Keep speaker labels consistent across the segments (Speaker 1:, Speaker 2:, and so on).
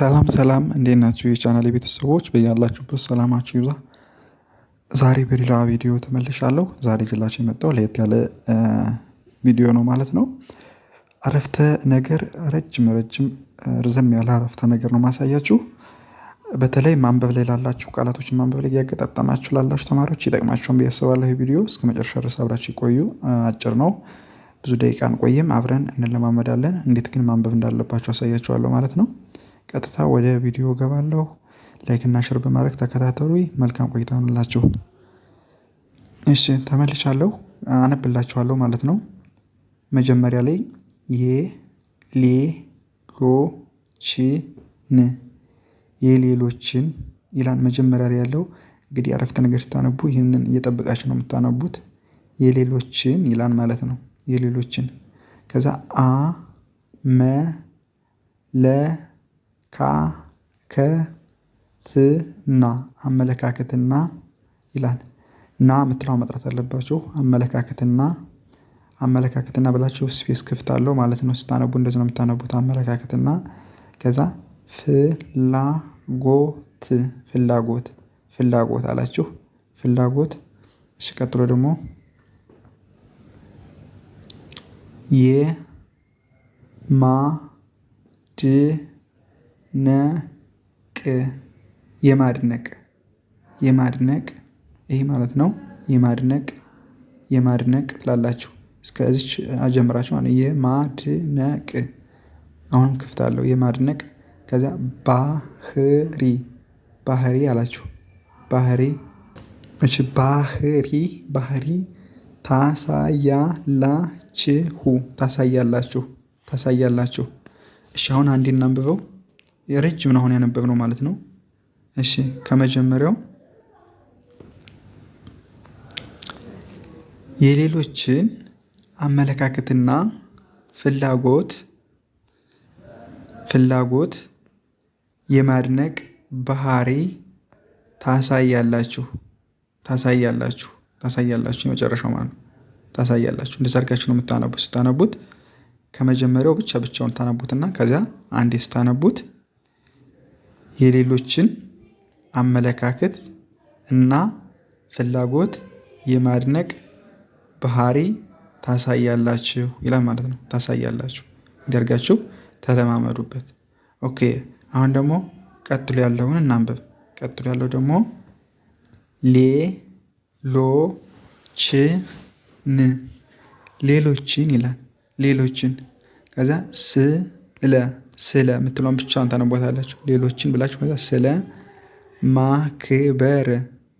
Speaker 1: ሰላም ሰላም እንዴት ናችሁ የቻናል ቤተሰቦች በያላችሁበት ሰላማችሁ ይብዛ። ዛሬ በሌላ ቪዲዮ ተመልሻለሁ። ዛሬ ጅላችሁ የመጣው ለየት ያለ ቪዲዮ ነው ማለት ነው። አረፍተ ነገር ረጅም ረጅም ርዘም ያለ አረፍተ ነገር ነው ማሳያችሁ። በተለይ ማንበብ ላይ ላላችሁ ቃላቶችን ማንበብ ላይ እያገጣጠማችሁ ላላችሁ ተማሪዎች ይጠቅማችሁን ብዬ አስባለሁ። ቪዲዮ እስከ መጨረሻ ድረስ አብራችሁ ይቆዩ። አጭር ነው፣ ብዙ ደቂቃ አንቆይም። አብረን እንለማመዳለን። እንዴት ግን ማንበብ እንዳለባቸው አሳያችኋለሁ ማለት ነው። ቀጥታ ወደ ቪዲዮ ገባለሁ ላይክ እና ሼር በማድረግ ተከታተሉ መልካም ቆይታ ሆንላችሁ። እሺ ተመልሻለሁ፣ አነብላችኋለሁ ማለት ነው። መጀመሪያ ላይ የሌሎችን የሌሎችን ይላል። መጀመሪያ ላይ ያለው እንግዲህ አረፍተ ነገር ስታነቡ ይህንን እየጠበቃችሁ ነው የምታነቡት። የሌሎችን ይላል ማለት ነው። የሌሎችን ከዛ አ መ ለ አመለካከትና አመለካከትና ይላል ና የምትለው መጥራት አለባችሁ አመለካከትና አመለካከትና ብላችሁ ስፔስ ክፍት አለው ማለት ነው። ስታነቡ እንደዚ ነው የምታነቡት አመለካከትና ከዛ ፍላጎት ፍላጎት ፍላጎት አላችሁ ፍላጎት እሺ ቀጥሎ ደግሞ የማድ ነቅ የማድነቅ የማድነቅ ይህ ማለት ነው የማድነቅ የማድነቅ ትላላችሁ እስከዚች አጀምራችሁ ማለት የማድነቅ አሁንም ክፍታለሁ የማድነቅ ከዚያ ባህሪ ባህሪ አላችሁ ባህሪ እች ባህሪ ባህሪ ታሳያላችሁ ታሳያላችሁ ታሳያላችሁ። እሺ አሁን አንዴ እናንብበው ረጅም አሁን አሁን ነው ማለት ነው። እሺ ከመጀመሪያው የሌሎችን አመለካከትና ፍላጎት ፍላጎት የማድነቅ ባህሪ ታሳያላችሁ ታሳያላችሁ ታሳያላችሁ የመጨረሻው ማለት ነው። ታሳያላችሁ እንደዛ አድርጋችሁ ነው የምታነቡት። ስታነቡት ከመጀመሪያው ብቻ ብቻውን ታነቡትና ከዚያ አንዴ ስታነቡት የሌሎችን አመለካከት እና ፍላጎት የማድነቅ ባህሪ ታሳያላችሁ ይላል ማለት ነው። ታሳያላችሁ እንዲያርጋችሁ ተለማመዱበት። ኦኬ አሁን ደግሞ ቀጥሎ ያለውን እናንብብ። ቀጥሎ ያለው ደግሞ ሌሎችን ሌሎችን ይላል ሌሎችን ከዛ ስለ ስለ የምትለውን ብቻዋን ታነቧታላችሁ። ሌሎችን ብላችሁ ከዛ ስለ ማክበር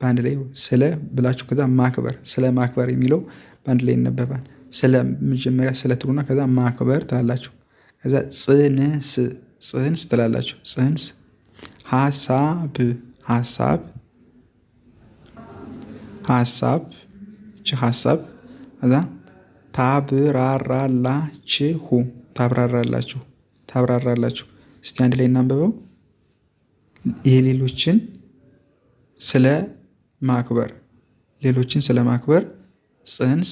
Speaker 1: በአንድ ላይ ስለ ብላችሁ ከዛ ማክበር ስለ ማክበር የሚለው በአንድ ላይ ይነበባል። ስለ መጀመሪያ ስለ ትሉና ከዛ ማክበር ትላላችሁ። ከዛ ጽንስ ጽንስ ትላላችሁ። ጽንስ ሀሳብ ሀሳብ ሀሳብ ች ሀሳብ ከዛ ታብራራላችሁ ታብራራላችሁ ታብራራላችሁ። እስቲ አንድ ላይ እናንብበው። የሌሎችን ስለ ማክበር ሌሎችን ስለ ማክበር ጽንስ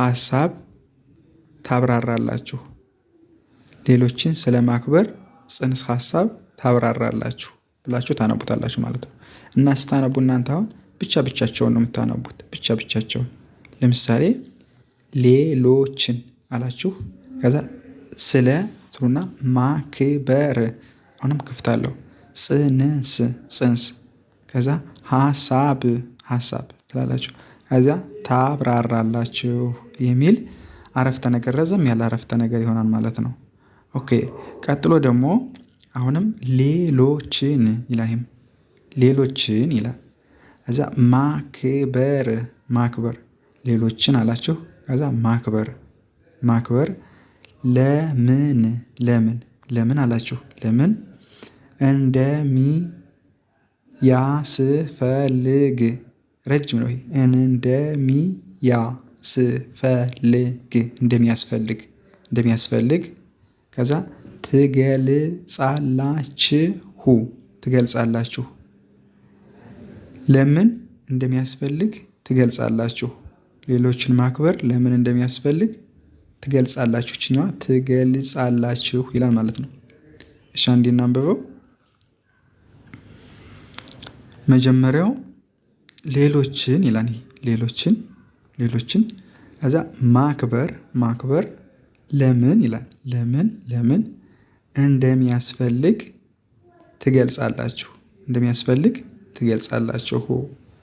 Speaker 1: ሀሳብ ታብራራላችሁ። ሌሎችን ስለ ማክበር ጽንስ ሀሳብ ታብራራላችሁ ብላችሁ ታነቡታላችሁ ማለት ነው። እና ስታነቡ እናንተ አሁን ብቻ ብቻቸውን ነው የምታነቡት፣ ብቻ ብቻቸውን። ለምሳሌ ሌሎችን አላችሁ ከዛ ስለ ስሩና ማክበር አሁንም ክፍት አለው ጽንስ ጽንስ ከዛ ሀሳብ ሀሳብ ትላላችሁ ከዚያ ታብራራላችሁ የሚል አረፍተ ነገር ረዘም ያለ አረፍተ ነገር ይሆናል ማለት ነው። ኦኬ ቀጥሎ ደግሞ አሁንም ሌሎችን ይላይም ሌሎችን ይላል ከዛ ማክበር ማክበር ሌሎችን አላችሁ ከዛ ማክበር ማክበር ለምን ለምን ለምን አላችሁ ለምን እንደሚ ያስፈልግ ረጅም ነው። ያስፈልግ እንደሚያስፈልግ እንደሚያስፈልግ ከዛ ትገልጻላችሁ ትገልጻላችሁ ለምን እንደሚያስፈልግ ትገልጻላችሁ ሌሎችን ማክበር ለምን እንደሚያስፈልግ ትገልጻላችሁ ይችኛዋ ትገልጻላችሁ ይላል ማለት ነው። እሺ አንዴ እናንብበው። መጀመሪያው ሌሎችን ይላል። ሌሎችን ሌሎችን ከዛ ማክበር ማክበር ለምን ይላል። ለምን ለምን እንደሚያስፈልግ ትገልጻላችሁ እንደሚያስፈልግ ትገልጻላችሁ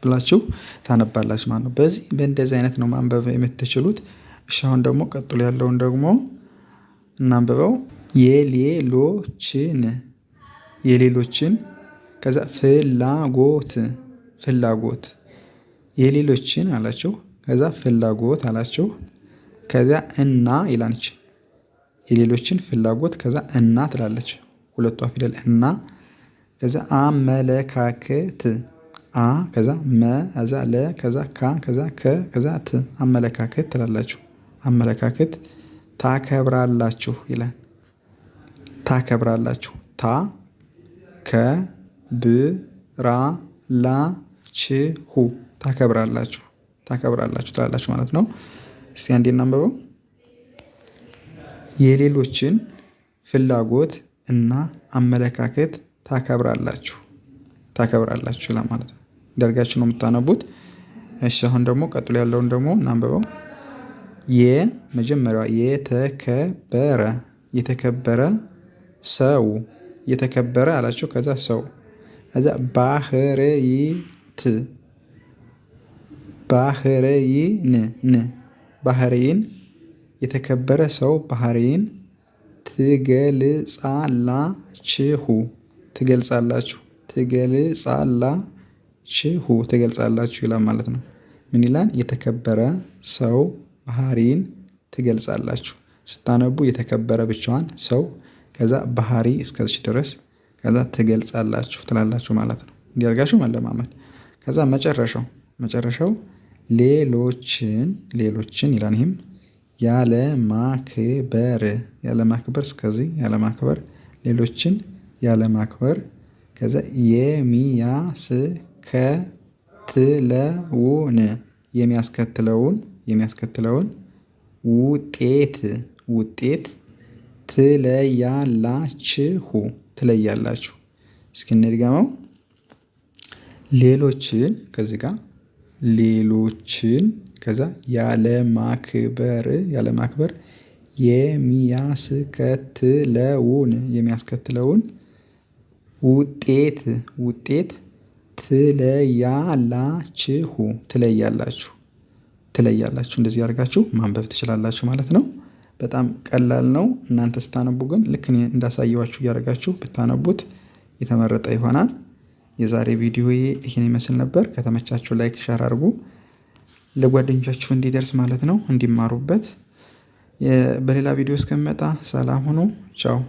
Speaker 1: ብላችሁ ታነባላችሁ ማለት ነው። በዚህ በእንደዚህ አይነት ነው ማንበብ የምትችሉት። እሺ አሁን ደግሞ ቀጥሎ ያለውን ደግሞ እናንብበው። የሌሎችን የሌሎችን ከዛ ፍላጎት ፍላጎት የሌሎችን አላቸው ከዛ ፍላጎት አላቸው ከዚያ እና ይላንች የሌሎችን ፍላጎት ከዛ እና ትላለች ሁለቷ ፊደል እና ከዛ አመለካከት አ ከዛ መ ከዛ ለ ከዛ ካ ከዛ ከ ከዛ ት አመለካከት ትላላችሁ። አመለካከት ታከብራላችሁ ይላል። ታከብራላችሁ ታ ከ ብ ራ ላ ች ሁ ታከብራላችሁ ታከብራላችሁ ትላላችሁ ማለት ነው። እስቲ አንዴ እናንብበው። የሌሎችን ፍላጎት እና አመለካከት ታከብራላችሁ ታከብራላችሁ ይላል ማለት ነው። ደርጋችሁ ነው የምታነቡት። እሺ አሁን ደግሞ ቀጥሎ ያለውን ደግሞ እናንብበው። የመጀመሪያዋ የተከበረ የተከበረ ሰው የተከበረ አላቸው ከዛ ሰው ከዛ ባህርይት ባህርይን ን ባህርይን የተከበረ ሰው ባህርይን ትገልጻላችሁ ትገልጻላችሁ ትገልጻላችሁ ትገልጻላችሁ ይላል ማለት ነው። ምን ይላል? የተከበረ ሰው ባህሪን ትገልጻላችሁ ስታነቡ የተከበረ ብቻዋን ሰው ከዛ ባህሪ እስከዚች ድረስ ከዛ ትገልጻላችሁ ትላላችሁ ማለት ነው። እንዲያርጋችሁ አድርጋችሁ መለማመድ ከዛ መጨረሻው መጨረሻው ሌሎችን ሌሎችን ይላል ይሄም ያለማክበር ያለማክበር እስከዚህ ማክበር ሌሎችን ያለማክበር ከዛ የሚያስከትለውን የሚያስከትለውን የሚያስከትለውን ውጤት ውጤት ትለያላችሁ ትለያላችሁ እስኪ እንድገመው። ሌሎችን ከዚ ጋ ሌሎችን ከዛ ያለማክበር ያለማክበር የሚያስከትለውን የሚያስከትለውን ውጤት ውጤት ትለያላችሁ ትለያላችሁ ትለያላችሁ። እንደዚህ አድርጋችሁ ማንበብ ትችላላችሁ ማለት ነው። በጣም ቀላል ነው። እናንተ ስታነቡ ግን ልክ እንዳሳየዋችሁ እያደረጋችሁ ብታነቡት የተመረጠ ይሆናል። የዛሬ ቪዲዮ ይህን ይመስል ነበር። ከተመቻችሁ ላይክ፣ ሸር አድርጉ ለጓደኞቻችሁ እንዲደርስ ማለት ነው፣ እንዲማሩበት። በሌላ ቪዲዮ እስከሚመጣ ሰላም ሁኑ። ቻው